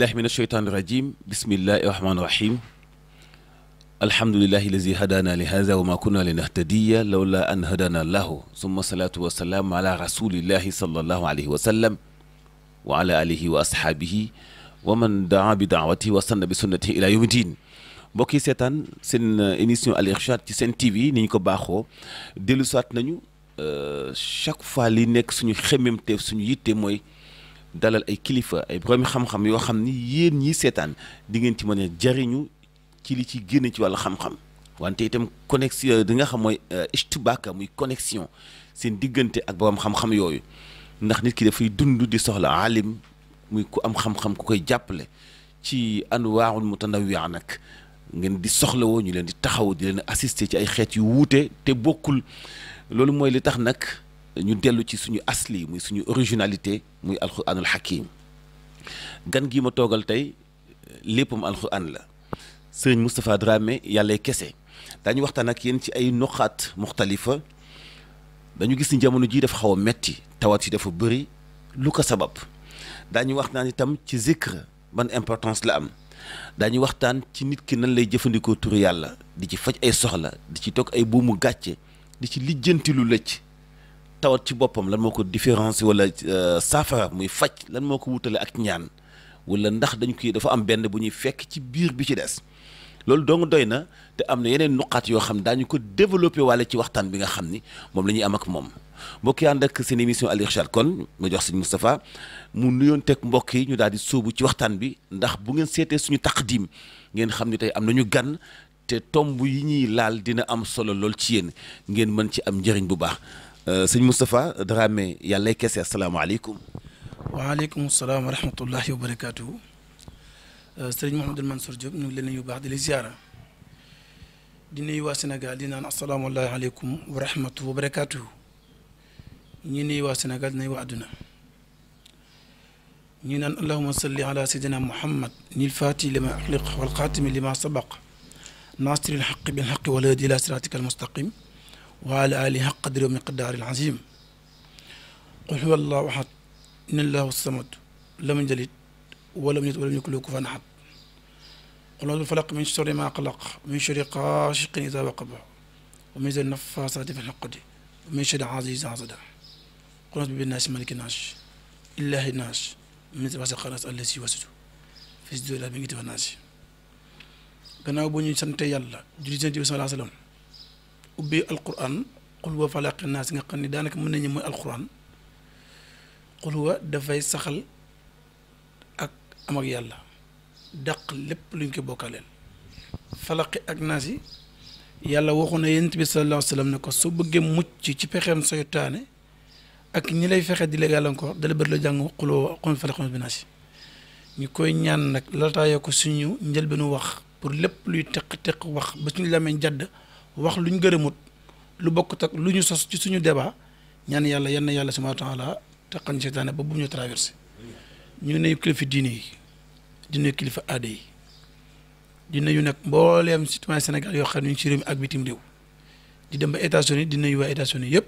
billahi min asheytaan irajim bismillahi rahmaani rahim alhamdulilahi lazi hadana li haza wa ma kunna li nahtadiya lawla an hadana allahu summa salaatu wa salaamu ala rasulillahi sallallahu alayhi wa sallam wa ala alihi wa ashaabihi wa man daa bi daawati wa sanna bi sunnati ila yawmi din mbokk yi seetaan seen uh, émission Al Irshad ci seen TV ni ñu ko baaxoo dellu saat nañu uh, chaque fois li nekk suñu xemmemteef suñu yitte mooy dalal ay kilifa ay boroomi xam-xam yoo xam ni yéen ñi seetaan di ngeen ci mën a jariñu ci li ci génne ci wàllu xam-xam wante itam connexion di nga xam mooy euh, istibaaka muy connexion seen diggante ak borom xam-xam yooyu ndax nit ki dafay dund di soxla alim muy ku am xam-xam ku koy jàppale ci waarul anwaarul mutanawia nag ngeen di soxla woo ñu leen di taxaw di leen assisté ci ay xeet yu wuute te bokkul loolu mooy li tax nag ñu dellu ci suñu asli muy suñu originalité muy alxuraanul hakim gan gi ma toogal tey léppam alxuraan la sëriñ Moustapha Dramé yàllay kese daañu waxtaan ak yéen ci ay noqaat muxtalifa dañu gis ni jamono jii dafa xaw a metti tawat yi dafa bëri lu ko sabab daañu waxtaan itam ci zikr ban importance la am daañu waxtaan ci nit ki nan lay jëfandikoo turu yàlla di ci faj ay soxla di ci toog ay buumu gàcce di ci lijjanti lu lëcc tawat ci boppam lan moo ko différence wala euh, saafara muy faj lan moo ko wutale ak ñaan wala ndax dañu koy dafa am benn bu ñuy fekk ci biir bi ci des loolu dong doy na te am na yeneen nuqaat yoo xam daañu ko développé wala ci waxtaan bi nga xam ni moom la ñuy am moom mbokk yi ànd seen émission Al Irshad kon ma jox sëñ Moustapha mu nuyoon teg mbokk yi ñu daal di sóobu ci waxtaan bi ndax bu ngeen seetee suñu diim ngeen xam ni tey am nañu gan te tomb yi ñuy laal dina am solo lool ci yéen ngeen mën ci am njëriñ bu baax Euh, sëñ Moustapha Dramé yàlla lay kese asalaamaaleykum. waaleykum salaam wa rahmatullahi wa barakaatuhu. Euh, sëriñ Mouhamadou Mansour Diop ñu ngi leen yu baax di la ziara. di nuyu waa Sénégal di naan asalaamaaleykum wa rahmatullahi wa barakaatuhu. ñi nuyu waa Sénégal di nuyu waa àdduna. ñi naan allahuma salli ala sayyidina muhammad nil faati lima axliq wal xaatimi lima sabaq naasiril xaqi bil xaqi wala di ila siraatika al mustaqim wa ala alihi haqqa qadri wa miqdaaril aziim qul huwa allahu ahad innallahu samad lam yalid wa lam yulad wa lam yakul lahu kufuwan ahad qul a'uuzu bil falaq min sharri maa xalaq min sharri gaasiqin izaa waqab wa min sharri naffaasaati fil uqad wa min sharri haasidin izaa hasad qul a'uuzu birabbin naas malikin naas ilaahin naas min sharri waasiqin allazii yuwaswisu fii suduuri naas gannaaw bu ñu sante yàlla julli ci Yonent bi sallallaahu alayhi wa sallam ubbee alquran xul huwa falaq naas nga xam ne daanaka mën nañu mooy alquran xul huwa dafay saxal ak am ak yàlla dàq lépp luñ ko bokkaaleel falaqi ak naas yàlla waxoon na yonent bi sallallahu alayhi ne ko soo bëggee mucc ci pexeem seytaane ak ñi lay fexe di la gàllankoor dala bëri la jàng xul huwa xul falaq bi koy ñaan nag laltaayoo ko suñu njëlbeenu wax pour lépp luy teq-teq wax ba suñu lamee jadd wax lu ñu gërëmut lu bokkut ak lu ñu sos ci suñu débat ñaan yàlla yenn yàlla subhaanahu wa taala teqan seytaane ba bu ñu traversé ñu nuyu kilifa diine yi di nuyu kilifa aada yi di nuyu nag mbooleem citoyen Sénégal yoo xam ne ñu ci réew mi ak bitim réew di dem ba États-Unis di nuyu waa États-Unis yëpp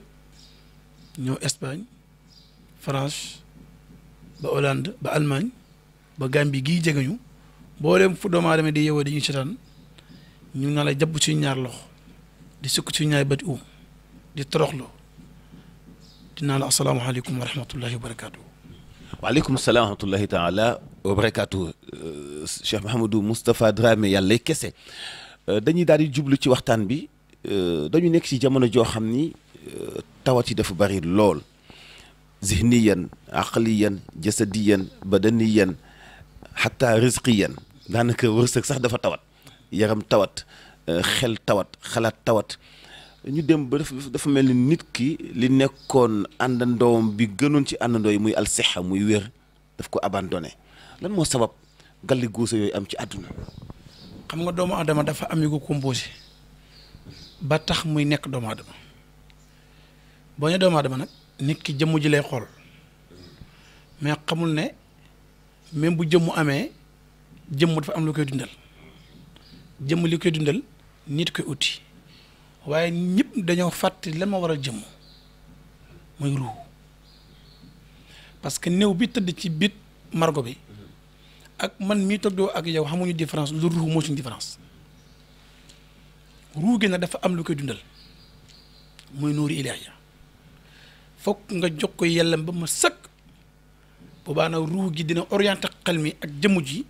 ñëw Espagne France ba Hollande ba Allemagne ba Gambie gii jegeñu mbooleem fu doomu aadama di yeewoo dañuy seetaan ñu na la jàpp ci ñaar loxo. di sukk ci ñaay bët um di toroxlu dinaa la asalaamaaleykum wa rahmatullahi wa barakaatu. waaleykum salaam wa rahmatullahi taala wa barakaatu euh, Cheikh Mahamadou Moustapha Dramé yàlla kese euh, dañuy daal di jublu ci waxtaan bi euh, dañu nekk ci jamono joo xam ni tawat yi dafa bari lool. zihniyan aqliyan jasadiyan badaniyan xataa rizqiyan daanaka wërsëg sax dafa tawat yaram tawat xel tawat xalaat tawat ñu dem ba dafa mel ni nit ki li nekkoon àndandoom bi gënoon ci àndandoo muy alsexa muy wér daf ko abandonné lan moo sabab galli góosa yooyu am ci àdduna xam nga doomu adama dafa am yu ko ba tax muy nekk doomu adama boo ne doomu adama nag nit ki jëmm ji lay xool mais xamul ne même bu jëmmu amee jëmm dafa am lu koy dundal jëm li koy dundal nit koy uti waaye ñëpp dañoo fàtte lan ma war a jëmm mooy ruuw parce que néew bi tëdd ci biit margo bi ak man mii toog ak yow xamuñu différence lu ruuw moo suñu différence ruuw gi nag dafa am lu koy dundal muy nuuri ilaahiya fokk nga jox ko yellam ba ma sëkk boobaa nag ruuw gi dina orienté xel mi ak jëmm ji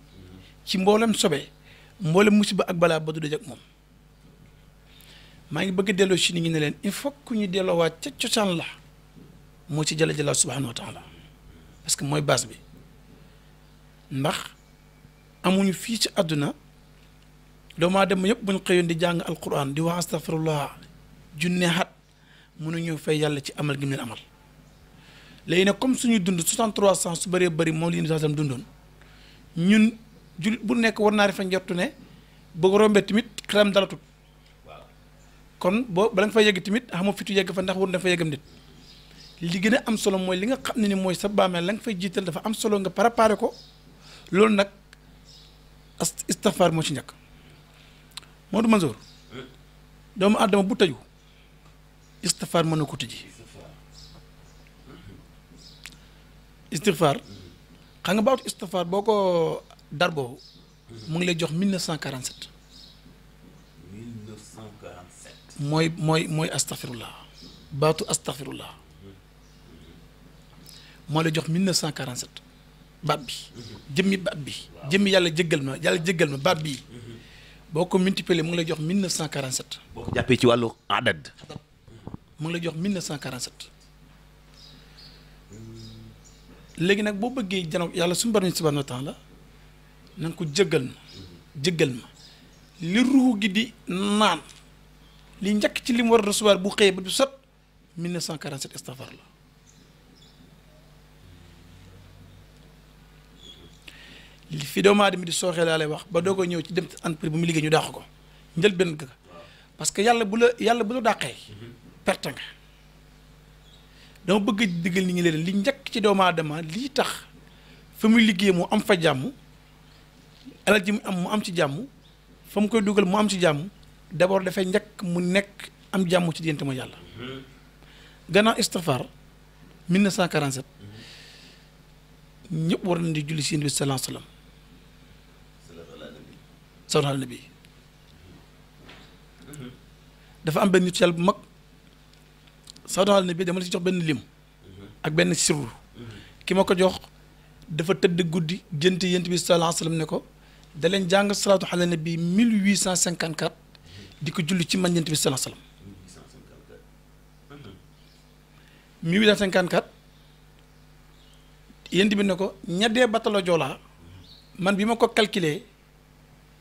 ci mboolem sobe mboolem musiba ak balaa ba du daj ak moom maa ngi bëgg a delloo si ni ngi ne leen il faut que ñu delloowaat ca cosaan la moo ci jëla jëlaat subhanahu wa taala parce que mooy base bi ndax amuñu fii ci àdduna doomu aadama yëpp buñ xëyoon di jàng alquran di wax astafirullah junne at mënuñu fay yàlla ci amal gi mu leen amal léegi nag comme suñuy dund 63 cent su baree bari moom li ñu saasam dundoon ñun jul bu nekk war naa refa njortu ne bëgg rombee tamit xelam dalatut kon boo bala nga fa yegg tamit xamu fitu yegg fa ndax wur da fa yeggam nit li gën a am solo mooy li nga xam ne ni mooy sa bàmmeel la nga fay jiital dafa am solo nga préparé ko loolu nag istixfaar moo ci njëkk Modou Mansour doomu aadama bu tëju istixfaar mën na ko tëji istixfaar xam nga baatu istixfaar boo ko darboo mu ngi lay jox 1947. mooy mooy mooy astaghfirullah baatu astaghfirullah moo la jox 1947 baat bi jëmmi baat bi jëmmi yàlla jéggal ma yàlla jéggal ma baat bi boo ko multiplier mu ngi lay jox 1947. boo ko jàppee ci wàllu adad mu ngi lay jox 1947 léegi nag boo bëggee janaw yàlla suñu borom subhanahu wa taala na ko jéggal ma jéggal ma li ruux gi di naan. li njëkk ci li mu war a recevoir bu xëyee ba du sat 1947 istafar la li fi doomu aadama di sooxee laa lay wax ba doo ko ñëw ci dem entreprise bu mu liggéey ñu dàq ko njël benn ga parce que yàlla bu la yàlla bu la dàqee perte nga dama bëgg diggal ni ngi leen li njëkk ci doomu lii tax fa muy liggéey mu am fa jàmm alal ji mu am mu am ci jàmm fa mu koy dugal mu am ci jàmm d'abord dafay njëkk mu nekk am jàmm ci diggante mooy yàlla gannaaw istixfaar 1947 ñëpp war nañ julli si yéen bi salaam salaam salaam dafa am benn nit yàlla bu mag salaam nabi dama la si jox benn lim ak benn sirru ki ma ko jox dafa tëdd guddi jënt yént bi salaam salaam ne ko da leen jàng salaatu ala nabi 1854 di ko julli ci man yonent bi sallallahu alayhi wa sallam 1854 yonent bi ne ko ñeddee batalo Joola man bi ma ko calculé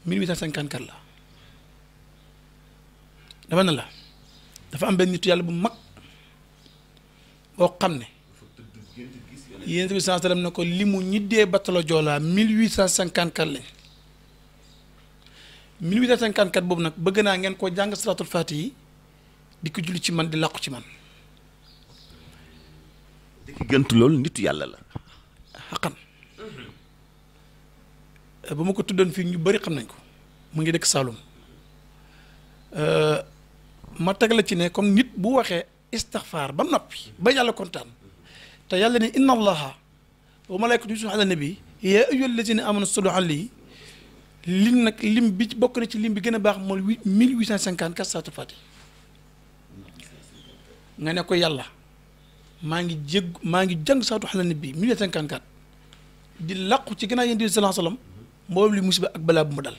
1854 la dama ne la dafa am benn nitu yàlla bu mag boo xam ne yonent bi sallallahu alayhi ne ko li mu ñiddee batalo Joola 1854 lañ 1854 boobu nag bëgg naa ngeen ko jàng salaatul faati yi di ko julli ci man di làqu ci man. di ko gënt loolu nitu yàlla la. xaqan eh, ba ma ko tuddoon fii ñu bëri xam nañ ko mu ngi dëkk Saloum eh, ma teg la ci ne comme nit bu waxee istaxfaar ba noppi ba yàlla kontaan te yàlla ne inna allaha wa malaykatu yusalluuna ala nabi yaa ayyuha allazina amanu sallu alayhi lim nag lim bi bokk na ci lim bi gën a baax mooy huit mille huit cent cinquante quatre saatu fati nga ne ko yàlla maa ngi jég maa ngi jàng saatu xanaa nit bi mille cinquante quatre di làqu ci gannaaw yéen di sallallahu alayhi wasallam mboolem li musiba ak balaa bu ma dal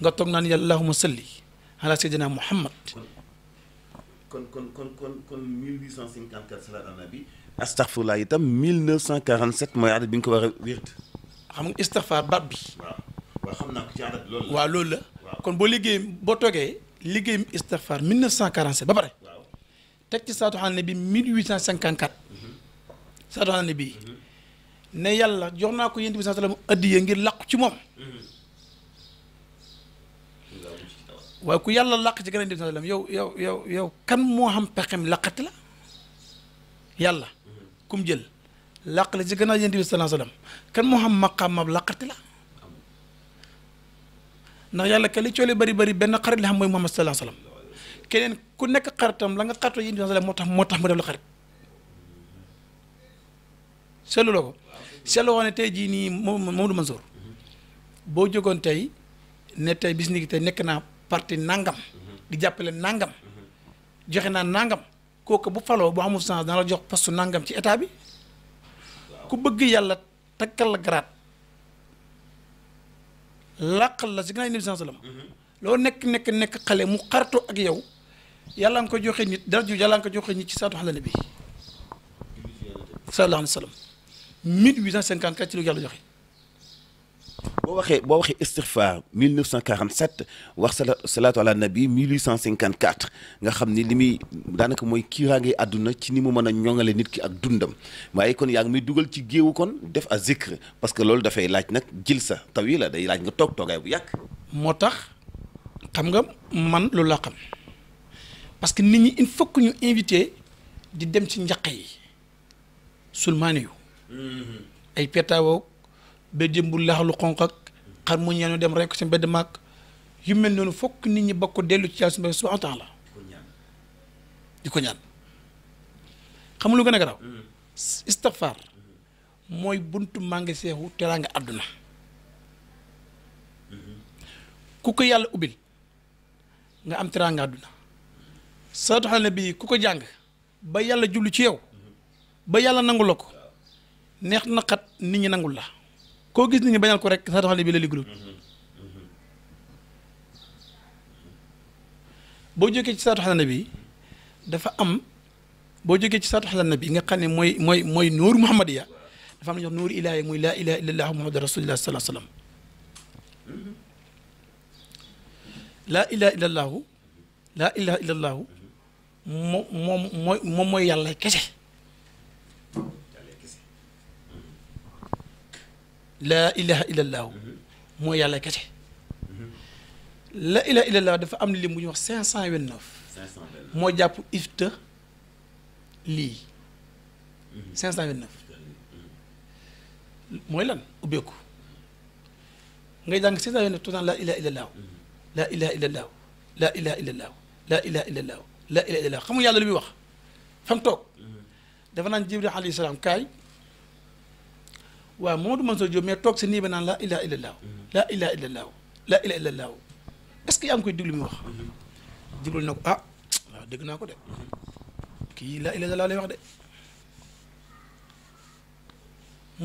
nga toog naan yàlla allahumma salli ala sayyidina muhammad kon kon kon kon kon 1854 salaat ala nabi astaghfirullah itam 1947 mooy at bi nga ko war a wér xam nga istixfaar baat bi. waaw xam naa ko ci loolu la. waaw kon boo liggéey boo toogee liggéey istixfaar 1947 ba pare. teg ci saatu xanaa ne bi 1854. Mhm. saatu xanaa ne bii. Mhm. ne yàlla jox naa ko yéen bi sallam addiya ngir làqu ci moom. Mhm. waaye ku yàlla làq ci gën a yéen yow yow yow yow kan moo xam pexem làqati la yàlla. kum jël. làqale ci gannaaw yonent bi sallallahu alayhi wasallam kan moo xam maqaamam làqati la ndax yàlla ka li coole bari bari benn xarit la xam mooy Muhammad sallallahu alayhi wasallam keneen ku nekk xaritam la nga xaritoo yonent moo tax moo tax mu def la xarit seetlu la ne tey jii nii moom Mamadou Mansour boo jógoon tey ne tey bis ni tey nekk naa parti nangam di jàppale nangam joxe naa nangam kooku bu faloo bu amul sens dana la jox poste nangam ci état bi ku bëgg yàlla takkal la garaat làqal la si gannaaw nabi sallam loo nekk nekk nekk xale mu xartoo ak yow yàlla nga ko joxe nit dara ju yàlla nga ko joxe nit ci saatu xale nabi sallallahu alayhi wa sallam 1854 ci lu yàlla joxe boo waxee boo waxee istigfaar 1947 wax sala salaatu ala nabi 1854 nga xam ni li muy daanaka mooy kiiraange àdduna ci ni mu mën a ñoŋale nit ki ak dundam waaye kon yaa ngi muy dugal ci géewu kon def a zikr parce que loolu dafay laaj nag jil sa taw yi la day laaj nga toog toogaay bu yàgg. moo tax xam nga man loolu laa xam parce que nit ñi il faut ñu invité di dem ci njaq yi sulmaani yu mm-hmm. ay petaawoog. ba jëmbul laxalu lu ak xar mu ñaanu dem rek ko si mbedd màgg yu mel noonu fokk nit ñi bokk dellu ci yàlla subhanahu wa taala di ko ñaan xam lu gën a garaaw mm-hmm. istixfaar mooy buntu maa ngi seexu teraanga àdduna mm-hmm. ku ko yàlla ubbil nga am teraanga àdduna salaatu ala nabi ku ko jàng ba yàlla julli ci yow mm-hmm. ba yàlla nangu la ko neex na nit ñi nangu la koo gis nit ñi bañal ko rek sa bi la liglu mhm. Mhm. boo jógee ci saatu xalana bi dafa am boo jógee ci saatu xalana bi nga xam ne mooy mooy nuur nooru muhammadiya dafa am na ñuy wax moo ilaahi muy laa ilaha illallah muhammadu mooy yàlla kese laa ilaha illallah moo yàlla kese laa ilaha illallah dafa am lim bu ñuy wax cinq cent vingt neuf moo jàpp ifta lii mooy lan ubbeeku ngay jàng cinq cent vingt neuf tout le temps laa ilaha illallah laa ilaha illallah laa ilaha illallah laa laa ilaha yàlla lu muy wax fa toog dafa naan jibril alayhi salaam kaay waaw Mamadou Mansour Diop mais toog si nii ba naan laa ilaha illallah laa ilaha illallah laa ilaha illallah koy déglu mu na ko ah naa ko de kii laa wax de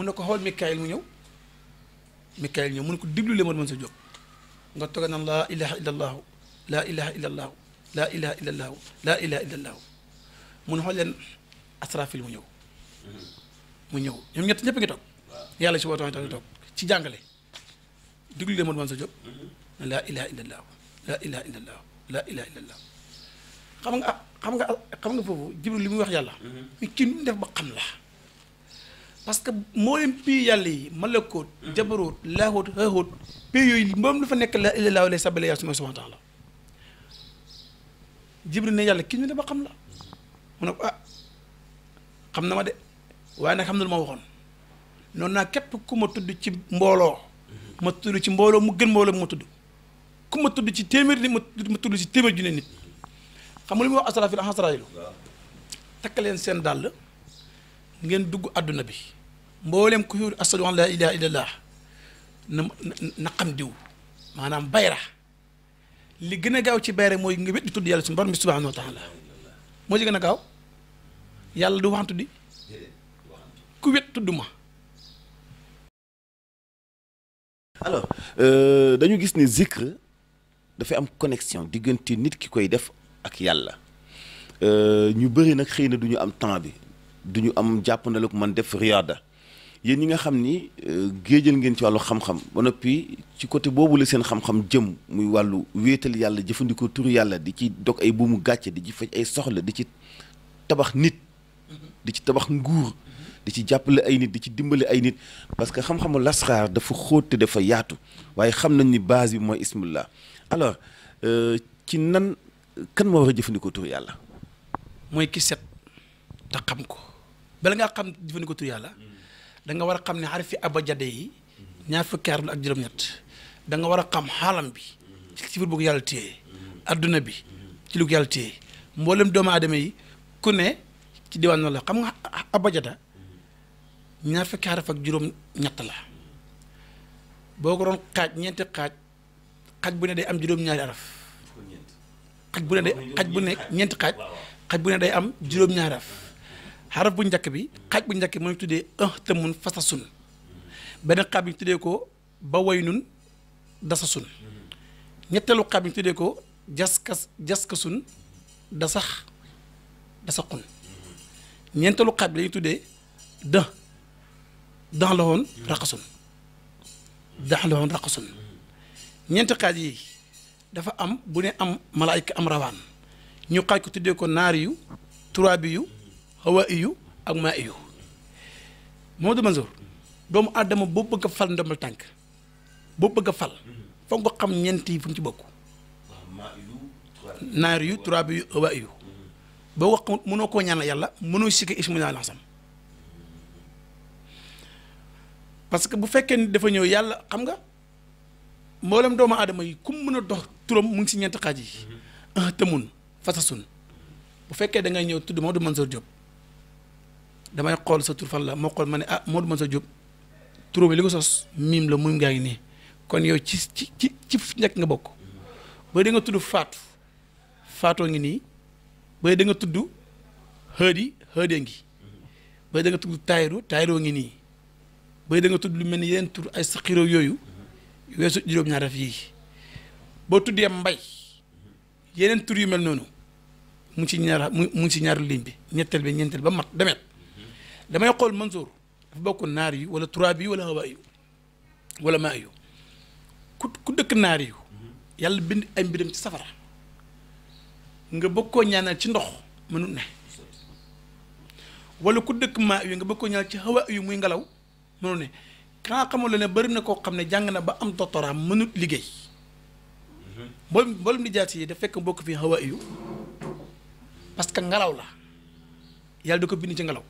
na ko xool Mikaël mu ñëw Mikaël ñëw mun ko déglu le Mamadou Mansour Diop nga toog naan laa ilaha illallah laa ilaha laa laa ilaha illallah xool leen asrafil mu ñëw mu ñëw ñoom ñett ñëpp ngi yàlla ci boo tax ñu toog ci jàngale diglu leen man sa jóg laa ilaha illallah laa ilaha illallah laa ilaha illallah xam nga xam nga xam nga foofu jibril li muy wax yàlla mi mm-hmm. kii nu def ba xam la parce que moo leen pii yàlla yi malakoot mm-hmm. jabaroot laahoot haahoot pii yooyu moom dafa nekk laa illallah lay sabale yaa suma subhana taala jibril ne yàlla kii nu def ba xam la mu ne ko ah xam na ma de waaye nag xam na lu ma waxoon noonu naa képp ku ma tudd ci mbooloo ma tudd ci mbooloo mu gën mbooloo ma tudd ku ma tudd ci téeméer nit ma tudd ci téeméer ne nit xam nga li muy wax asrafil asrafil takk leen seen dàll ngeen dugg àdduna bi mbooleem ku xiir asadu an laa na xam diw maanaam bayra li gën a gaaw ci bayra mooy nga wét di tudd yàlla suñu borom bi subhanahu wa taala moo ci gën a gaaw yàlla du waxantu di ku wét tudd ma alors euh, dañu gis ni zikr dafay am connexion diggante nit ki koy def ak yàlla euh, ñu bëri nag xëy na du ñu am temps bi du ñu am jàpp na ko man def riyaada yéen ñi nga xam ni euh, géejal ngeen ci wàllu xam-xam ba noppi ci côté boobu la seen xam-xam jëm muy wàllu wéetal yàlla jëfandikoo turu yàlla di ci dog ay buumu gàcce di ci faj ay soxla di ci tabax nit di ci tabax nguur di ci jàppale ay nit di ci dimbale ay nit parce que xam-xamu lasxaar dafa xóot te dafa yaatu waaye xam nañ ni base bi mooy ismullah alors euh, ci nan kan moo war a jëfandikoo tur yàlla. mooy ki set te xam ko bala nga xam jëfandikoo tur yàlla hmm. da nga war a xam ne xarfi abajade yi hmm. ñaar fukki arab ak juróom da nga war a xam xaalam bi hmm. ci sifir yàlla téye àdduna bi ci lu ko yàlla téye mboolem doomu aadama yi ku ne ci diwaan la xam nga abajada. ñaar fukki xaraf ak juróom ñett la boo ko doon xaaj ñeenti xaaj xaj bu ne day am juróom-ñaari araf xaj bu ne day xaj bu ne ñeenti xaaj xaj bu ne day am juróom-ñaari araf xaraf bu njëkk bi xaj bu njëkk bi mooy tuddee un tëmun fasasun benn xaaj bi ñu tuddee ko ba way nun dasasun ñetteelu xaaj bi ñu tuddee ko jaskas jaskasun dasax dasaxun ñeenteelu xaaj bi la tuddee dë dax la woon raqasun dax la woon ñeenti xaaj yi dafa am bu ne am malaayka am rawaan ñu xaaj ko tuddee ko naari yu turaabi yu hawaa yu ak maa yu Maodo Mansour doomu aadama boo bëgg a fal ndombal tànk boo bëgg fal foog nga xam ñeent yi ci bokk naari yu turaabi yu hawaa yu boo ko xamut mënoo koo ñaanal yàlla mënoo sikki ismu naa laxsam parce que bu fekkee ni dafa ñëw yàlla xam nga mboolem doomu aadama yi kum mën a dox turam mu ngi si ñeenti xaaj yi mm-hmm. ah tëmun fasasun bu fekkee da ngay ñëw tudd moo Maodo Mansour Diop damay xool sa tur fan la moo xool ma ne ah moo Maodo Mansour Diop turam bi li ko sos miim la muy ngaa ngi nii kon yow ci ci ci ci ñàkk nga bokk mm-hmm. ba da nga tudd faatu faatoo ngi nii ba da tudd xëdi xëdee ngi ba da nga tudd mm-hmm. tayru tayroo ngi nii ba da tudd lu mel ni yeneen tur ay saqiro yooyu weesu juróom-ñaar daf yi boo tuddee mbay yeneen tur yu mel noonu mu ci ñaar mu ci ñaar ligne bi ñetteel bi ñeenteel ba mat demet damay xool Mansour dafa bokk naar yi wala turaab bii wala hawaa yu wala maa yu ku dëkk naar yu yàlla bind ay mbiram ci safara nga bëgg koo ñaanal ci ndox mënut ne wala ku dëkk maa yu nga bokkoo koo ñaanal ci hawaa yu muy ngelaw mënul ne xanaa xamul la na koo xam ne jàng na ba am doctorat mënut liggéey mm-hmm. mboolem mboolem lijaas da fekk bokk fi hawa yu parce que ngelaw la yàlla da ko bind ci ngelaw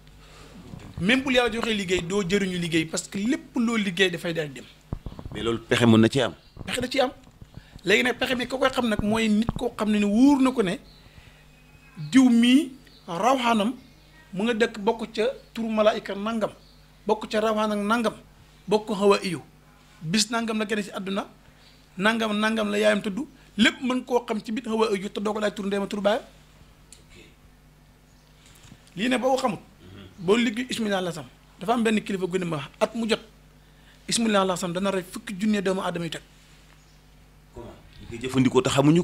même bu yàlla joxee liggéey doo jëriñu liggéey parce que lépp loo liggéey dafay daal dem. mais pexe mën na ci am. pexe da ci am léegi nag pexe mi ko xam nag mooy nit koo xam ne ni wóor na ko ne diw mii raw xaanam mu nga dëkk bokk ca turu malaayika nangam. bokk ca rawaan ak nangam bokk xaw a iyu bis nangam la gane ci àdduna nangam nangam la yaayam tudd lépp mën koo xam ci biir xaw a te doo ko laaj tur ndeyma tur baayam lii ne boo ko xamut boo liggéey ismila la sam dafa am benn kilifa gu ne ma at mu jot ismila la sam dana rey fukki junne doomu aadama yu teg. jëfandikoo te xamuñu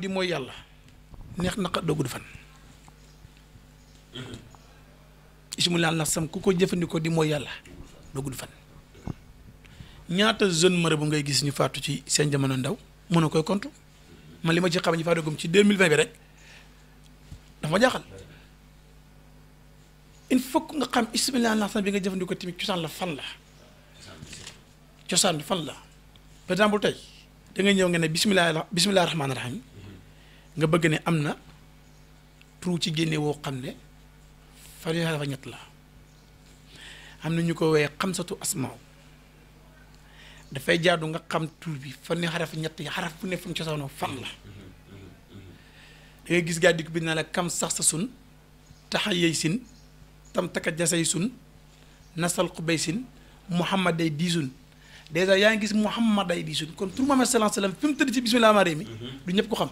di mooy yàlla neex naqa ismulaan la sam ku ko jëfandikoo di mooy yàlla doo gudd fan ñaata jeune marabu ngay gis ñu fàttu ci seen jamono ndaw mën na koy kont man li ma ci xam ñu faatu gum ci deux mille vingt bi rek nga xam ismulaan la sam bi nga jëfandikoo tamit cosaan fan la cosaan bi fan la par exemple tey da ñëw nga ne bisimilah bisimilah rahmaani rahim nga bëgg ne am na trou ci génne woo xam ne. fanweer dafa ñett la am na ñu ko wooyee xamsatu asmaaw dafay jaadu nga xam tur bi fanweer xaraf ñett yi xaraf bu ne fu mu cosaanoo fan la da gis gaa dikk bi naa la kam sax sa sun taxa yey sin tam takka jasay sun nasal xubay sin muhammad day diisun dèjà yaa ngi gis muhammad day diisun kon tur Muhammad sallallahu alayhi wasallam fi mu tëdd ci bismillah ma mi du ñëpp ko xam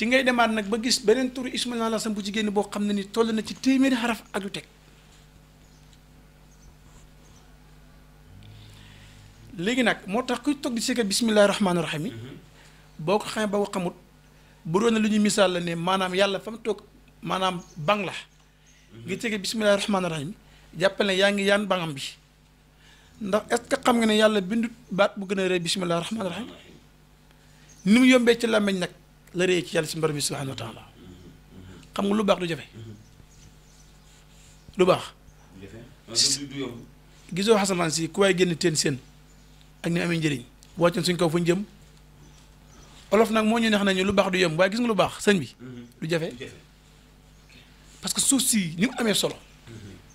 ci ngay demaat nag ba gis beneen turu Ismaïla Lassane bu jigéen boo xam ne ni toll na ci téeméeri xaraf ak lu teg léegi nag moo tax kuy toog di sekkal bisimilah rahmaani rahiim yi mhm. boo ko xamee ba ko xamut bu doon lu ñuy misaal la ne maanaam yàlla fa mu toog maanaam bang la mhm. ngi sekkal bisimilah rahmaani rahiim jàppal ne yaa ngi yaan bangam bi ndax est ce que xam nga ne yàlla bindu baat bu gën a rëy bisimilah rahmaani rahiim ni mu yombee ci làmmiñ nag. la réy ci yàlla suñu borom bi subhanahu wa xam nga lu baax du jafe lu baax gisoo xasamaan si ku waay génn teen seen ak ni amee njëriñ wàccoon suñ kaw fuñ jëm olof nag moo ñu neex nañu lu baax du yem waaye gis nga lu baax sëñ bi du jafe parce que suuf si ni mu amee solo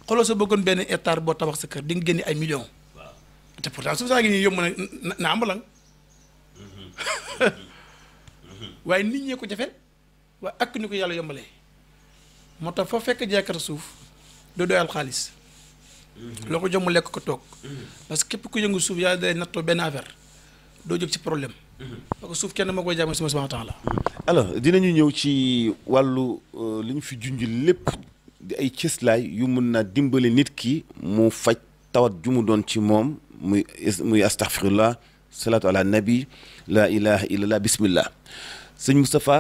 xoloo sa bëggoon benn hectare boo tabax sa kër di nga génne ay millions te pourtant suuf saa ngi nii yomb na na waaye nit ñee ko jafeel waaye ak ni ko yàlla yombalee moo tax foo fekk jaaykatu suuf doo doyal xaalis mhm. loo ko jox mu lekk ko toog mhm. parce que képp ku yëngu suuf yàlla day nattoo benn affaire doo jóg ci problème mhm. parce que suuf kenn moo koy jaamoo suma subhanahu wa taala alors dinañu ñëw ci wàllu euh, li ñu fi junj lépp di ay cëslaay yu mun naa dimbale nit ki mu faj tawat ju doon ci moom muy muy astaghfirullah salaatu ala nabi la ilaha illallah sëñ Moustapha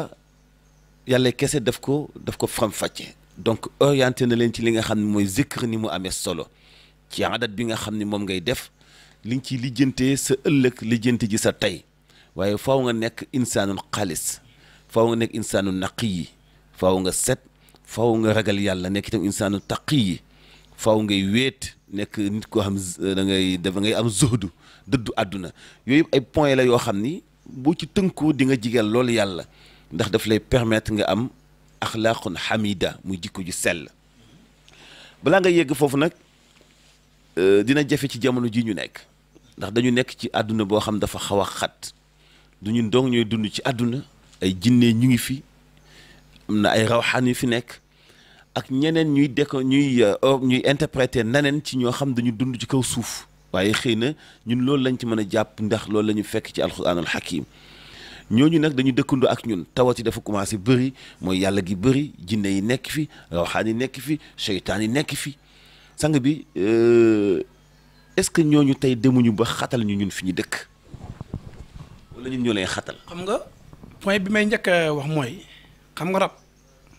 yàlla kese daf ko daf ko faram-fàcce donc orienté na leen ci li nga xam ne mooy zikr ni mu amee solo ci adat bi nga xam ne moom ngay def li nga ciy lijjantee sa ëllëg lijjanti ji sa tey waaye faaw nga nekk insaanul xaalis faaw nga nekk insaanu naq yi faaw nga set faaw nga ragal yàlla nekk itam insaanu taq yi faaw ngay wéet nekk nit koo xam da ngay dafa ngay am zuhdu dëddu àdduna yooyu ay point la yoo xam ni bu ci tënku di nga jigeel loolu yàlla ndax daf lay permettre nga am axlaaqun xamida muy jikko ju sell balaa nga yegg foofu nag euh, dina jafe ci jamono ji ñu nekk ndax dañu nekk ci àdduna boo xam dafa xaw a xat du ñun dong ñooy dund ci àdduna ay jinne ñu ngi fi am na ay rawxaan yu fi nekk ak ñeneen ñuy dekk ñuy euh, ñuy interpréter neneen ci ñoo xam dañu dund ci kaw suuf waaye xëy na ñun loolu lañ ci mën a jàpp ndax loolu la ñu fekk ci alxuraanul hakim ñooñu nag dañu dëkkandoo ak ñun tawat yi dafa commencé bëri mooy yàlla gi bëri jinne yi nekk fi rawxaan yi nekk fi seytaan yi nekk fi sang bi euh, est-ce que ñooñu tey demuñu ba xatal ñu ñun fi ñu dëkk wala ñun ñoo lay xatal. xam nga point bi may njëkk wax mooy xam nga rab.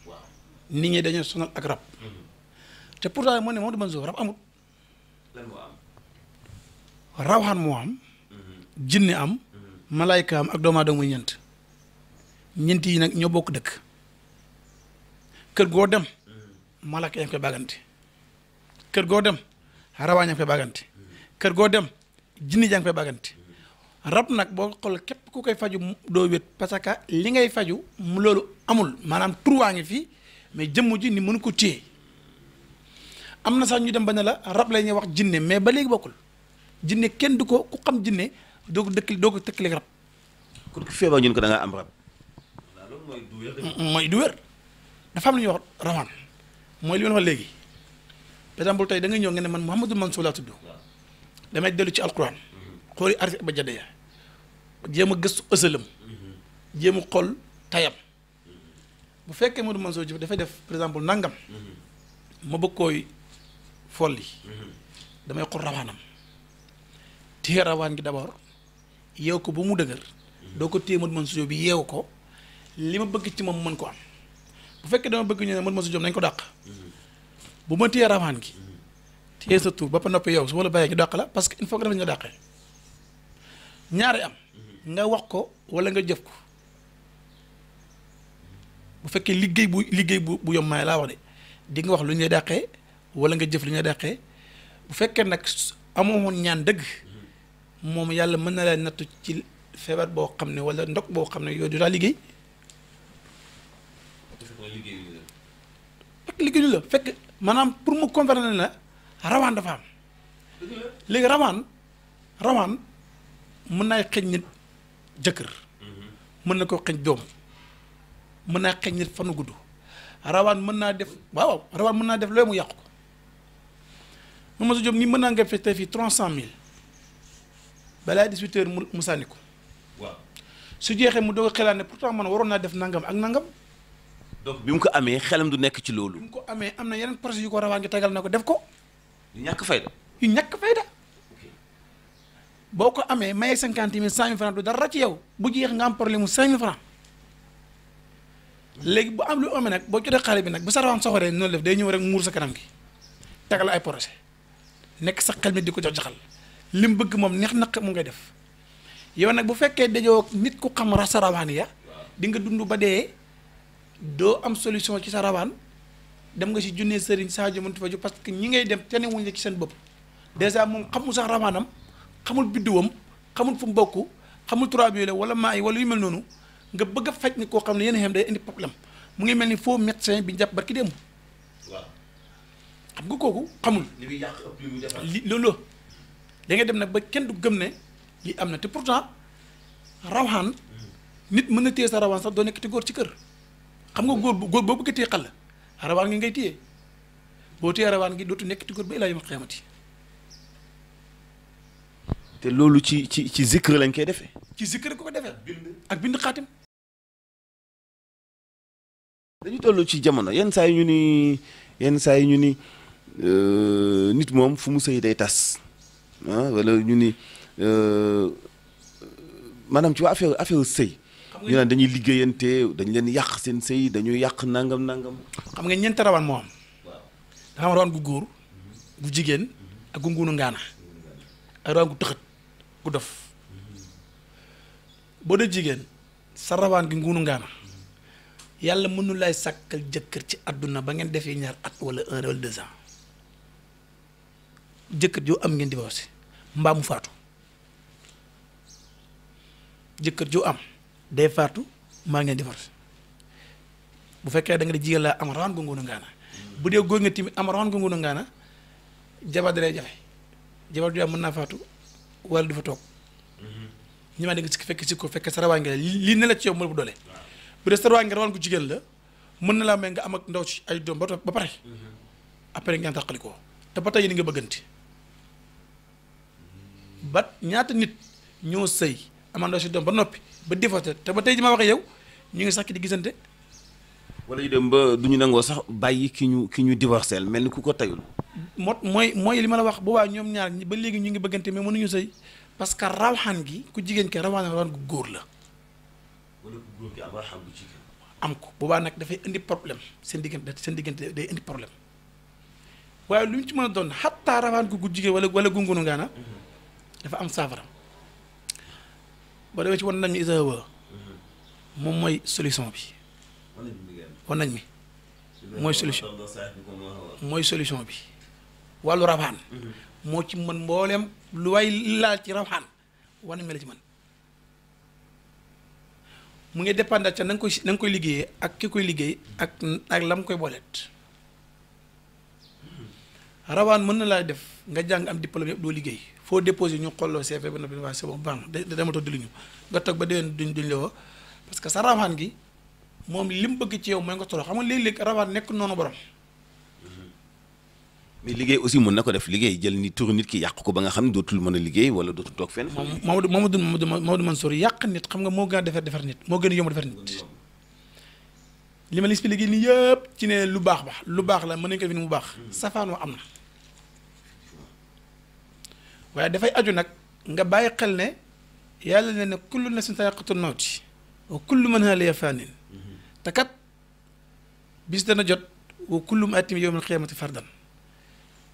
waaw nit ñi dañoo sonal ak rab. Mm-hmm. te pourtant moo ne Maodo Mansour rab amut. rawxaan moo am jinne am malayka am ak doomu aadama ñeent ñeent yi nag ñoo bokk dëkk kër goo dem malaka yaa ngi koy bàggante kër goo dem rawaan yaa kër goo dem jinne yaa ngi koy bàggante rab nag boo xool képp ku koy faju doo wét parce que li ngay faju mu loolu amul maanaam turuwaa ngi fii mais jëmm ji ni mënu ko téye am na sax ñu dem ba ne la rab la ñuy wax jinne mais ba léegi bokkul jinne kenn du ko ku xam jinne doo ko dëkk doo ko tëkkaleeg rab. kon ku feebar ñun ko da am rab. mooy du wér dafa am lu ñuy wax rawaan mooy li ma wax léegi par exemple tey da nga ñëw nga ne man Mouhamadou Mansour laa tudd damay dellu ci alquran xooli arsi ba jadaya a gëstu ësalam mm-hmm. jéem a xool tayam mm-hmm. bu fekkee Modou Mansour Diouf dafay def par exemple nangam mm-hmm. ma bëgg koy folli damay xool rawaanam ci téye rawaan gi d'abord yeew ko bu mu dëgër doo ko téye Modou Mansour Diop bi yeew ko li ma bëgg ci moom mën ko am bu fekkee dama bëgg ñu ne Modou Mansour Diop nañ ko dàq bu ma téye rawaan gi téye sa tur ba pa noppi yow su ma la bàyyee ñu dàq la parce que il faut que dafa am nga wax ko wala nga jëf ko bu fekkee liggéey bu liggéey bu bu yomb maay laa wax de di nga wax lu ñu lay dàqee wala nga jëf lu ñu lay dàqee bu fekkee nag amoo woon ñaan dëgg moom yàlla mën na laa nattu ci feebar boo xam ne wala ndog boo xam ne yooyu du daa liggéey. fekk liggéeyu la fekk maanaam pour mu comprendre la rawaan dafa am. léegi rawaan rawaan mën naa xëñ nit jëkkër. mën na koo xëñ doom mën naa xëñ nit fanu gudd. rawaan mën naa def waaw rawaan mën naa def looy mu yàqu ko. Mamadou Diop nii mun naa nga fekk tey fii trois cent mille. balaa 18 mu mu sànni ko. waaw su jeexee mu doog a xelaat ne pourtant man waroon naa def nangam ak nangam. donc bi mu ko amee xelam du nekk ci loolu. bi mu ko amee am na yeneen projet yu ko rawaan gi tegal na ko def ko. ñàkk fayda. yu ñàkk fayda. boo ko amee maye cinquante mille cent mille du dara ci yow bu jeex nga am problème mu cinq mille léegi bu am lu amee nag boo jotee xale bi nag bu sa rawaan soxoree noonu def day ñëw rek muur sa kanam gi tegal ay projet nekk sa xel mi di ko jox jaxal li mu bëgg moom neex naq mu ngay def yow nag bu fekkee dajoo nit ku xam ra sa rawaan ya di nga dund ba dee doo am solution ci sa rawaan dem nga si junnee sëriñ saa jumantu fa parce que ñi ngay dem tenewuñ la ci seen bopp dèjà moom xamul sax rawaanam xamul bidduwam xamul fu mu bokk xamul turaab yooyu la wala maa wala yu mel noonu nga bëgg faj ni koo xam ne yéen a day indi problème mu ngi mel ni faux médecin bi jàpp barki dem waaw xam nga kooku xamul li loolu da dem nag ba kenn du gëm ne lii am na te pourtant rawxaan nit mën na téye sa rawaan sax doo ci kër xam nga góor góor boo bëgg a téye xàll rawaan ngi ngay téye boo dootu nekk ci góor ba ilaa yawmal qiyaamati te loolu ci ci ci zikr lañ koy defee. ci zikr ko ko bind xaatim. dañu toll ci jamono yenn saa yi ñu ni yenn saa yi ñu ni euh, nit moom fu mu sëy day tas. ah wala ñu ni euh, maanaam ci waa affaire affaire sëy. ñu naan dañuy liggéeyante dañu leen yàq seen sëy dañuy yàq nangam nangam. xam nga ñeenti rawan moo am. dafa gu góor gu jigéen ak gu nguunu ngaana ak rawan gu tëxët gu dof boo dee jigéen sa rawaan gi nguunu ngaana yàlla mënu lay sàkkal jëkkër ci àdduna ba ngeen defee ñaar at wala un wala deux ans jëkkër joo am ngeen si mbaa mu faatu jëkkër ju am day faatu maa ngeen divorce bu fekkee da nga di jigéen laa am rawan gu ngunu ngaana bu dee góor nga tamit am rawan gu ngunu ngaana jabar dalay jafe jabar ju am mën naa faatu wala du fa toog ñu maa da nga si fekk si ko fekkee sa rawaan ngi li ne la ci yow mu bu doole bu dee sa ngi rawaan gu jigéen la mën na laa may nga am ak ndaw ci ay doom ba pare mm-hmm. après ngeen tàqali ko te ba tey ni nga bëgganti ba ñaata nit ñoo sëy amandoo si doom ba noppi ba divorcé te ba tey ji ma waxee yow ñu ngi sax ki di gisante. walla yu dem ba duñu nangoo sax bàyyi ki ñu ki ñu divorcé mel ni ku ko tayul. moo mooy mooy li ma la wax boobaa ñoom ñaar ba léegi ñu ngi bëggante mais mënuñu sëy parce que rawxaan gi ku jigéen ki rawxaan rawxaan gu góor la. wala ku góor am ko boobaa nag dafay indi problème seen diggante seen diggante day indi problème waaye lu ñu ci mën a doon xattaa rawxaan gu jigéen wala wala gungunu ngaana mhm. dafa am saafara boo demee ci wan nañ mi isawa moom mooy solution bi wan nañ mi mooy solution mooy solution bi wàllu rawxaan mm-hmm. moo ci mën mbooleem lu way laal ci rawaan wan nañ mi la ci mën mu ngi dépendre ca na nga koy na nga koy liggéeyee ak ki liggéey ak ak la mu koy booleet mm-hmm. rawaan mën na laa def nga jàng am diplôme yëpp doo liggéey foo déposé ñu xolloo CV ba noppi waa c'est baax que sa rawaan gi moom li mu ci yow mooy nga toloo xam nga léeg-léeg rawaan nekk noonu borom. Mm-hmm. mais liggéey aussi mën na ko def liggéey jël ni tur nit ki yàq ko ba nga xam ne dootul mën a liggéey wala dootul toog fenn. Mamadou Mamadou Mamadou Mansour xam nga moo gën a defar defar nit moo gën a yomb defar nit. li ma expliqué nii yëpp ci ne lu baax ba lu baax la mën nañu ko fi mu baax. Mm-hmm. safaanoo am na. waaye dafay aju nag nga bàyyi xel ne yàlla ne ne kullu nafsin zaa'iqatul mawti wa kullu man alayhaa faanin mhm. te kat bis dana jot wa kullum atim yawmal qiyaamati fardan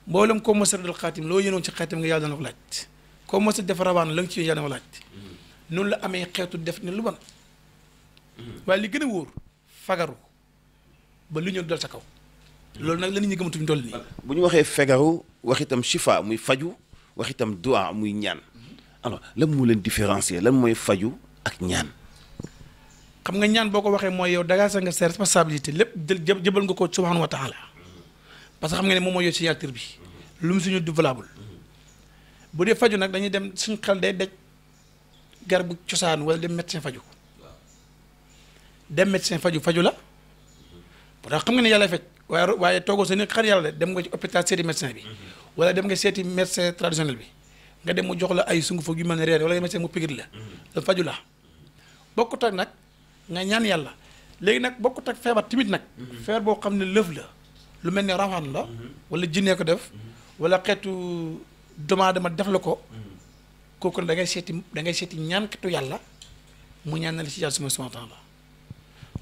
mboolem koo mos a dal xaatim loo yénoon ci xaatim nga yàlla dana ko laaj koo mos a def rawaan la nga ci yéen laaj mhm. noonu la amee xeetu def ne lu bon mhm. waaye li gën a wóor fagaru ba lu ñëw dal sa kaw loolu nag la nit ñi gëmatuñu toll nii bu ñu waxee fagaru wax itam shifa muy faju wax itam duwaa muy ñaan alors lan moo leen différencier lan mooy faju ak ñaan. xam nga ñaan boo ko waxee mooy yow sa nga sa responsabilité lépp jë jël jëbal nga ko subhanahu wa la parce que xam nga ne moom mooy yow signature bi lu mu suñu du bu dee faju nag dañuy dem suñ xel day daj garabu cosaan wala dem médecin faju dem médecin faju faju la pourtant xam nga ne yàlla faj waaye waaye toogoo sa ni xar yàlla dem nga ci hôpital seeti médecin bi. wala dem nga seeti médecin traditionnel bi nga dem mu jox la ay sungufoo yu mel ne reer wala médecin mu pigir la mhm. la faju la bokkut ak nag nga ñaan yàlla léegi nag bokkut ak feebar timit nag mhm. feebar boo xam ne lëf la lu mel ne rawaan la mhm. wala jinnee ko def wala xeetu dama ma def la ko kooku da ngay seeti da ngay seeti ñaankatu yàlla mu ñaanal na yàlla suma suma taala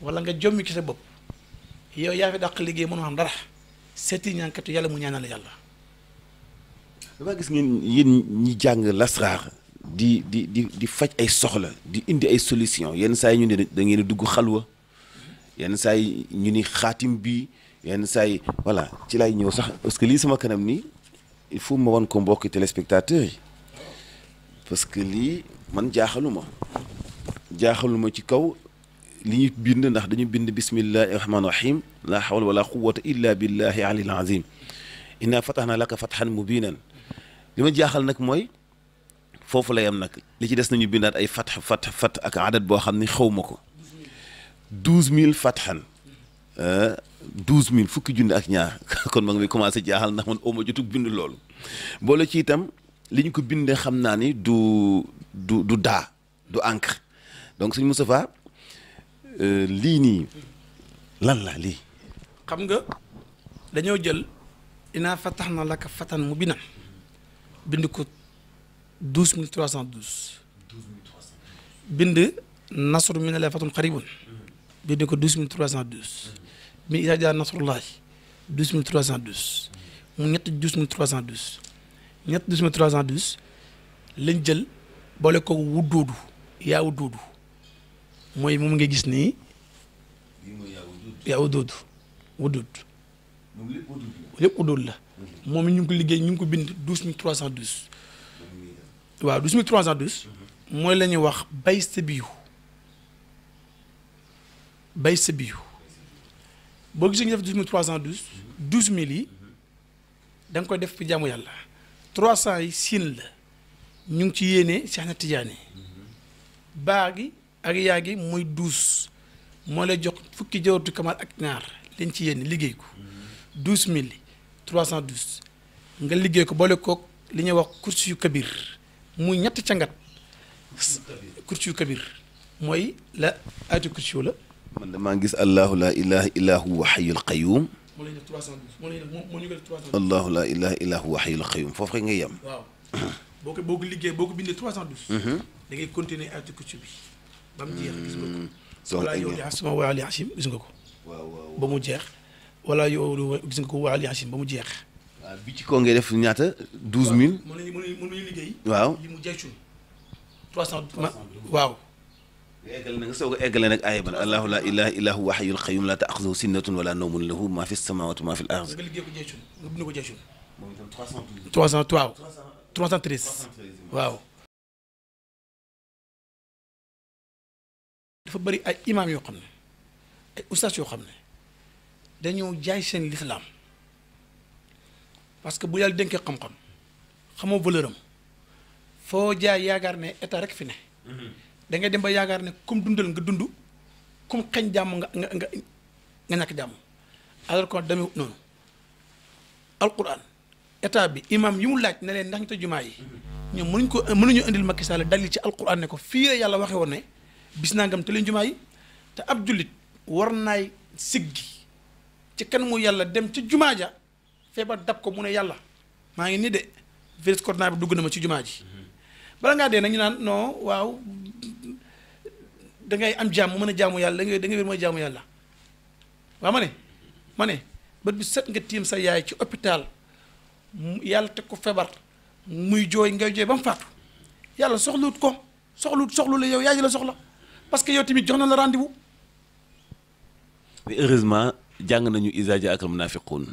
wala nga jommi ci sa bopp yow yaa fi dàq liggéey mënoo xam dara seeti ñaankatu yàlla mu ñaanal yàlla damaa gis ngeen yéen ñi jàng lasraar di di di di faj ay soxla di indi ay solution yenn saa yi ñu ne da ngeen dugg xalwa yenn saa yi ñu ni xaatim bi yenn saa yi voilà ci lay ñëw sax parce que lii sama kanam nii il faut ma wan ko mbokki téléspectateurs yi parce que lii man jaaxaluma jaaxaluma ci kaw li ñu bind ndax dañu bind bismillahi rahmaani rahim la hawla wala quwwata illa billahi alil azim inna fatahna laka fathan mubinan li ma jaaxal nag mooy foofu la am nag li ci des nañu bindaat ay fatx fatx fatx ak adat boo xam ni xaw ma ko douze mille fatxan euh, douze mille fukki junni ak ñaar kon ma ngi commencé jaaxal ndax man oma jotug bind loolu boole ci itam li ñu ko bindee xam naa ni du du daa du encre donc sëñ Moustapha euh, lii nii lan la lii xam nga dañoo jël inaa fatax na laka fatan mu bina bind ko douze mille trois cent douze bind nasru min allahi fatun qaribun bind ko douze mille trois cent douze mi cent douze mu ñetti douze mille trois cent douze ñetti douze mille trois cent douze lañ jël boole ko wuddoodu yaa wuddoodu mooy moom nga gis nii yaa wuddoodu wuddoodu lépp wuddoodu la moom it ñu ngi ko liggéey ñu ngi ko bind douze mille trois cent douze waaw douze mille trois mooy la wax bay sa biyu bay sa biyu boo gisee ñu def douze mille cent douze douze mille yi da koy def fi jaamu yàlla trois cent yi siin la ñu ngi ci yéene Cheikh na Tidiane baa gi ak yaa gi mooy douze moo lay jox fukki jawatu kamal ak naar lañ ci yéene liggéey ko douze 312 nga liggéey ko boole koog li ñuy wax course yu kabir muy ñetti cangat. course yu kabir mooy la ayatu course yu la. man damaa gis allahu laa ilaha illa huwa xayul qayum. moo lay def 312 moo lay def moo ñu koy def foofu rek ngay yem. boo ko liggéey boo ko bindee 312. Mhm. da ngay continuer ayatu course bi ba jeex gis nga ko. Mm-hmm. soxla yow eh, li asma wa ali asim gis nga ko. ba mu jeex. wala yow gis nga ko waa Alliance ba mu jeex. waaw bi ci kaw ngay def ñaata. douze mille waaw mën nañu mën nañu liggéey. waaw li mu jeexul. trois cent waaw. eggale na nga soog a eggale nag aaya ba allahu laa ilaaha illaa huwa hayyul qayyuum laa ta'xuzuhu sinnatun wa laa nawmun lahu maa fi samaawaati wa maa fi l-ard. nga liggéey ko jeexul nga bind ko jeexul. moom itam trois cent trois cent waaw. waaw. yoo xam ne yoo xam ne. dañoo jaay seen lislaam parce que bu yàlla dénkee xam-xam xamoo valeur foo jaay yaakaar ne état rek fi ne. Mhm. da dem ba yaakaar ne comme dundal nga dund comme xeñ jàmm nga nga nga nga ñàkk jàmm alors que demewut noonu alquran état bi imam yi mu laaj ne leen ndax ñu te jumaa yi mhm. ñoom mënuñ ko mënuñu indil Macky Sall dalil ci alquran ne ko fii la yàlla waxee woon ne bis naa ngam te leen jumaa yi te ab jullit war naay siggi ci kenn mu yàlla dem ci jumaa ja feebar dab ko mu ne yàlla maa ngi ni de virus corona bi dugg na ma ci jumaa ji bala ngaa dee nag naan noo waaw da ngay am jàmm mën a jaamu yàlla dangay ngay da ngay wér yàlla waaw ma ne ma ne bët bi set nga tiim sa yaay ci hôpital yàlla teg ko feebar muy jooy ngay jooy ba mu faatu yàlla soxluut ko soxluut soxlu la yow yaay ji la soxla parce que yow tamit jox na la rendez jàng nañu izaa jaaka almunaafiquun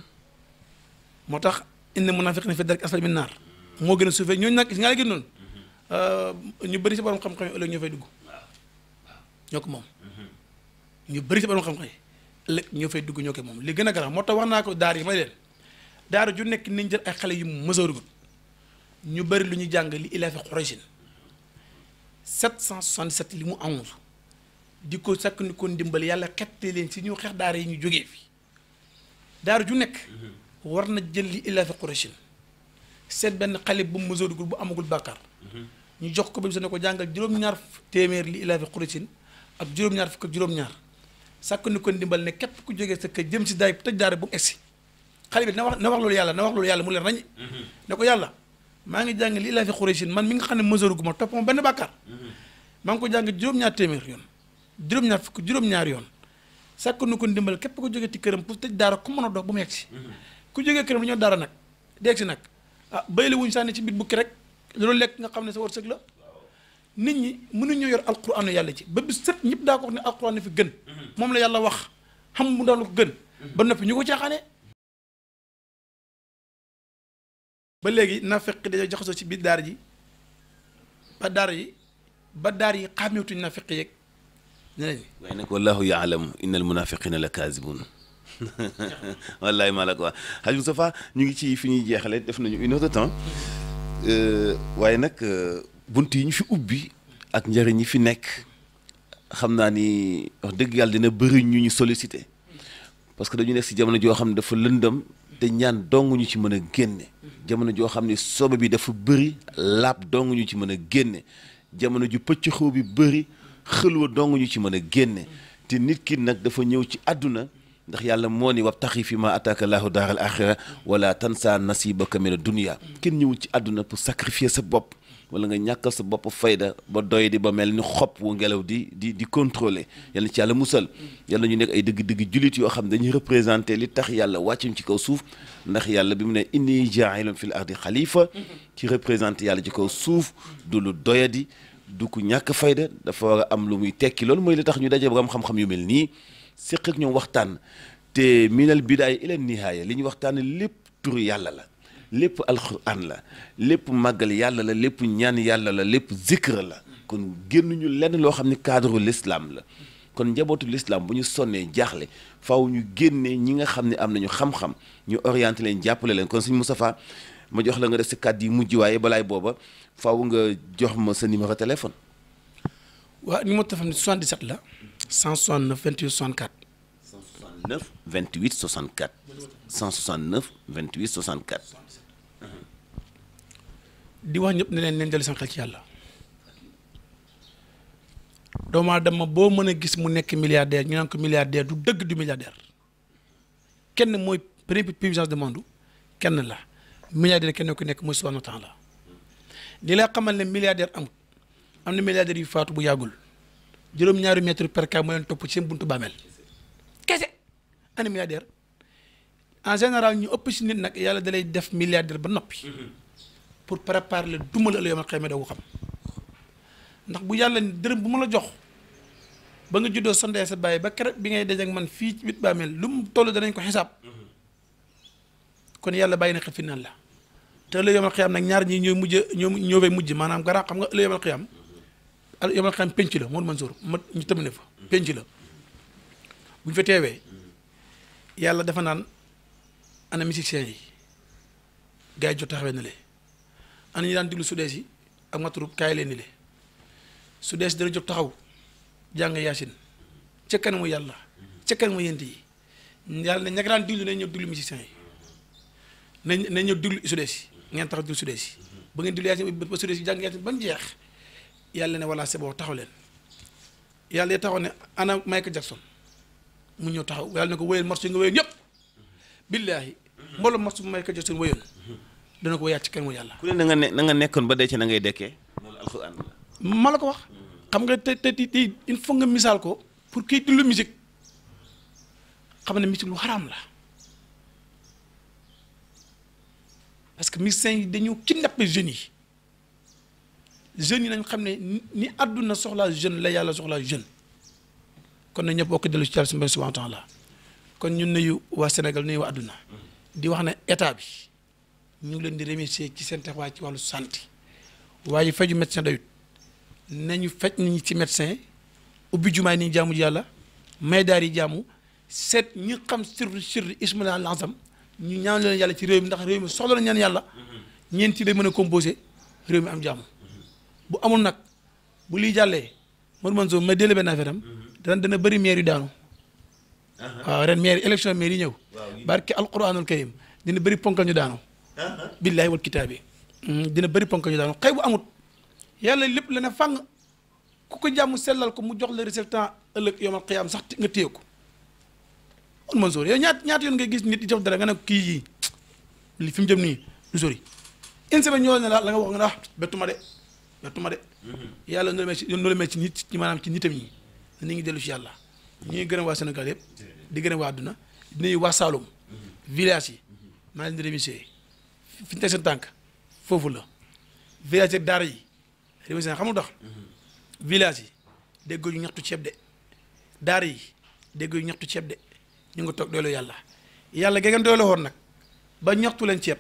moo tax inna munaafiqiina fi darki asfali min moo gën a suufee ñooñu nag gis nga la gën noonu euh, ñu bëri si borom xam-xam yi moom ñu bëri si borom xam-xam yi ëllëg ñoo fay dugg ñoo ko moom li gën a garaaw moo tax wax naa ko daar yi ma leen daara ju nekk nañ jël ay xale yu mësoorugut ñu bëri lu ñuy jàng li ilaafi Quraysin 767 li mu amoon di ko sakk ni ko ndimbal yàlla xette leen si ñu xeex daar yi ñu jógee fi daar ju nekk mm-hmm. war na jël li illa fi Qurayshin seet benn xale bu mësoodugul bu amagul bàkkaar mm-hmm. ñu jox ko ba bisa ko jàngal juróom-ñaar téeméer li illa ak juróom-ñaar fukk ak sàkk ni ko ndimbal ne képp ku jógee sa kër jëm si daay tëj daara bu mu egsi bi na wax na wax yàlla na wax yàlla mu leen rañ mm-hmm. ne ko yàlla maa ngi jàng li illa fi Qurayshin man mi nga xam ne mësooduguma topp ma benn bàkkaar maa ngi ko jàng juróom-ñaar téeméer yoon juróom-ñaar fukk juróom-ñaar yoon sàkk nu ko ndimbal képp ko jógee ci këram pour tëj daara ku mën a dox bu mu yegg si mhm. ku jógee këram dañoo daara nag dégg si nag ah béy la ci biir bukki rek loolu lekk nga xam ne sa wërsëg la nit ñi mënuñu yor alquranu yàlla ci ba bis sët ñëpp daa ko wax ne alquran fi gën mhm. moom la yàlla wax xam mu daal ko gën mhm. ba noppi ñu ko caaxaane ba léegi naa fekk dañoo ci biir daara ji ba daara yi ba daara fekk yeeg waaye nag wallahu yaalam innal munafiqina la kaazibun wallaay maa la ko wax xaj Moustapha ñu ngi ci fi ñuy jeexale def nañu une heure euh, waaye nag euh, bunt yi ñu fi ubbi ak njëriñ ñi fi nekk xam naa ni wax dëgg yàlla dina bëri ñu ñu sollicité parce que dañu nekk si jamono joo xam ne dafa lëndëm te ñaan dong ñu ci mën a génne jamono joo xam ne sobe bi dafa bëri laab dong ñu ci mën a génne jamono ju pëcc xew bi bari xëlwa dong ñu ci mën a génne te nit ki nag dafa ñëw ci àdduna ndax yàlla moo ni wax tax wabtaxi fi ma ataaka laahu daaral axira wala tansa nasibaka mina dunya kenn ñëwul ci àdduna pour sacrifier sa bopp wala nga ñàkkal sa bopp fayda ba doy di ba mel ni xob wu ngelaw di di di contrôler yàlla ci yàlla musal yàlla ñu nekk ay dëgg-dëgg jullit yoo xam dañuy représenté li tax yàlla wàccum ci kaw suuf ndax yàlla bi mu ne inni jaa'ilun fil ardi xalifa ci représenté yàlla ci kaw suuf du lu doyadi du ku ñàkk fayda dafa war a am lu muy tekki loolu mooy li tax ñu daje borom xam-xam yu mel nii séq ak ñoom waxtaan te minal bidaay ilan nihaaya li ñu waxtaan lépp turu yàlla la lépp alquran la lépp màggal yàlla la lépp ñaan yàlla la lépp zikra la kon génnuñu lenn loo xam ne cadre l'islam la kon njabootu lislaam bu ñu sonnee jaaxle faw ñu génne ñi nga xam ne am nañu xam-xam ñu oriente leen jàppale leen kon suñ Moustapha ma jox la nga def sa kàddu yi mujj waaye balaay booba faw nga jox ma sa numéro téléphone. waaw numéro téléphone 77 la. 169 28 64. 169 28 64. 169 28 64. di wax ñëpp ne leen leen dellu seen xel ci yàlla. doomu boo mën a gis mu nekk milliardaire ñu naan ko milliardaire du dëgg du milliardaire kenn mooy première puissance du monde kenn la. milliardaire kenn ku nekk mooy subhanahu wa taala li lay xamal ne milliardaire amul am na milliardaire yu faatu bu yàggul juróom-ñaari mètre per cas moo leen topp ci seen buntu bàmmeel kese ana milliardaire en général ñu ëpp si nit nag yàlla da def milliardaire ba noppi pour préparer le duma la yomal xëy na doo ko xam ndax bu yàlla dërëm bu ma la jox ba nga juddoo sa ndey sa bàyyi ba keroog bi ngay dajeek man fii ci bit bàmmeel lu mu danañ ko xisaab kon yàlla bàyyi na xel fitnaan la te ëllëg yomal xiyam nag ñaar ñi ñooy mujj ñoo ñoowee mujj maanaam gara xam nga ëllëg yomal xiyam al yomal xiyam penci la Mor Mansour ma ñu tëmine fa penc la bu ñu fa teewee yàlla dafa naan ana musiciens yi gars jot taxawee na le ana ñu daan diglu sudees yi ak maturub kaay leen ni le sudees dana jot taxaw jàng yaasin ca kanamu yàlla ca kanamu yent yi yàlla ne ña daan diglu ne ñëw diglu musiciens yi nañ nañ ñëw diglu sudee si ngeen taxaw diglu sudee si ba ngeen diglu yaasin ba sudee jeex yàlla ne wala c'est bon taxaw leen yàlla de taxaw ne ana Michael Jackson mu ñëw taxaw yàlla ne ko wéyal morceau yi nga wéyoon yëpp billaahi mbooloo morceau bu Michael Jackson wéyoon dana ko wéyaat ci kanamu yàlla. ku ne na nga ne na nga nekkoon ba dee ci na ngay dekkee. loolu alxuraan la. ma la ko wax. xam nga te te te il faut nga misaal ko pour kiy dund musique xam ne musique lu xaraam la. parce que médecins yi dañu kidnappé jeunes yi jeunes yi nañ xam ne ni àdduna soxla jeune la yàlla soxla jeune kon na ñëpp bokk dellu ci yàlla subhanahu wa ta'ala kon ñun nuyu waa Sénégal nuyu waa àdduna mm-hmm. di wax na état bi ñu ngi leen di remercier ci seen taxawaay ci wàllu santé waaye faju médecin dayut nañu faj ñu ci médecin ubbi jumaay ni jaamu yàlla may daar yi jaamu seet ñu xam sirru sirru la lansam ñu ñaan leen yàlla ci réew mi ndax réew mi soxla na ñaan yàlla ñeenti day mën a composé réew mi am jàmm bu amul nag bu lii jàllee Mor Mansour ma déllu benn affaire am dana dana bëri maire yu daanu waaw ren maire élection maire yi ñëw barke al karim dina bëri ponkal ñu daanu billaahi wal kitaabi dina bëri ponkal ñu daanu xëy bu amut yàlla lépp la ne fàng ku ko jàmm sellal ko mu jox la résultat ëllëg yomal xiyaam sax nga téye ko man man sori yow ñaat ñaata yoon ngay gis nit di def dara nga ne kii yii li fi mu jëm nii du sori une semaine ñoo ne la la nga wax nga ne ah bettu ma de bettu ma mhm. yàlla noonu la mel ci mel ci nit ci maanaam ci nitam ñi ni ngi dellu ci yàlla mhm. ñuy gërëm waa Sénégal yëpp di gërëm waa àdduna di nuyu waa Saloum mhm. village yi maa leen di remercier fi tànk foofu la village yi daara yi remercier xamul tax village yi déggoo ñu ceeb de daara yi déggoo ñu ñaxtu ceeb de ñu ngi toog doylu yàlla yàlla ga ngeen doylu woon nag ba ñoxtu leen ceeb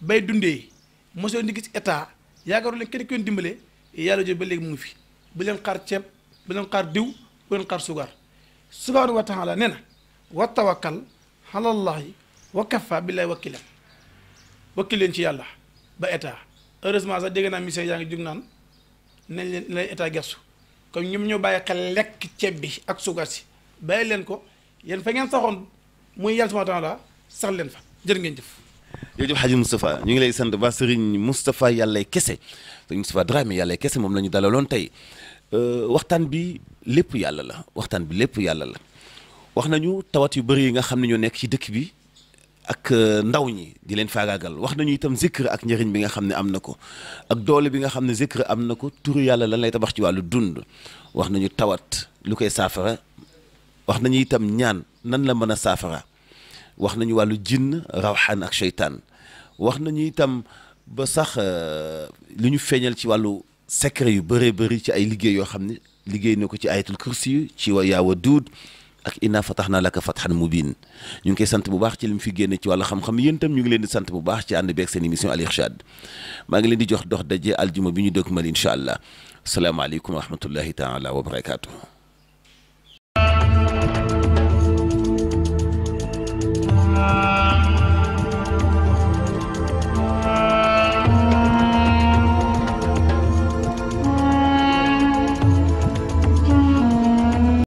bay dundee mosoo di gis état yaakaaru leen kenn ku leen dimbale yàlla jooju ba léegi mu ngi fi bu leen xaar ceeb bu leen xaar diw bu leen xaar sugar subhaanahu wa taala nee na wa tawakkal alallahi wa kafa billahi wakkil leen ci yàlla ba état sax dégg naa yaa ngi jug naan nañ leen lay état gersu ñoom ñoo bàyyi xel lekk ceeb bi ak sugar si leen ko yéen fa ngeen saxoon muy yàlla subhaanahu wa taala sax leen fa jërë ngeen jëf jërëjëf Hadji ñu ngi lay sant ba Serigne Moustapha yàllay kese Serigne Moustapha Dramé kese moom la ñu dalaloon tey euh, waxtaan bi lépp yàlla la waxtaan bi lépp yàlla la wax nañu tawat yu bëri yi nga xam ne ñoo nekk ci dëkk bi ak euh, ndaw ñi di leen faagaagal wax nañu itam zikr ak njëriñ bi nga xam ne am na ko ak doole bi nga xam ne zikr am na ko turu yàlla lan lay tabax ci wàllu dund wax nañu tawat lu koy saafara wax nañu itam ñaan nan la mën a saafara wax nañu wàllu jinn rawxaan ak seytaan wax nañu itam ba sax euh, li ñu feeñal ci wàllu secret yu bëree bëri ci ay liggéey yoo xam ne liggéey na ko ci ayatul kursi ci wa yaawa duud ak inna fatax naa laka fatxan mubin ñu ngi koy sant bu baax ci li mu fi génne ci wàllu xam-xam yéen itam ñu ngi leen di sant bu baax ci ànd beeg seen émission Al Irchad maa ngi leen di jox dox daje aljuma bi ñu dëkk mal incha allah salaamaaleykum wa rahmatullahi taala wa barakaatu. Bye.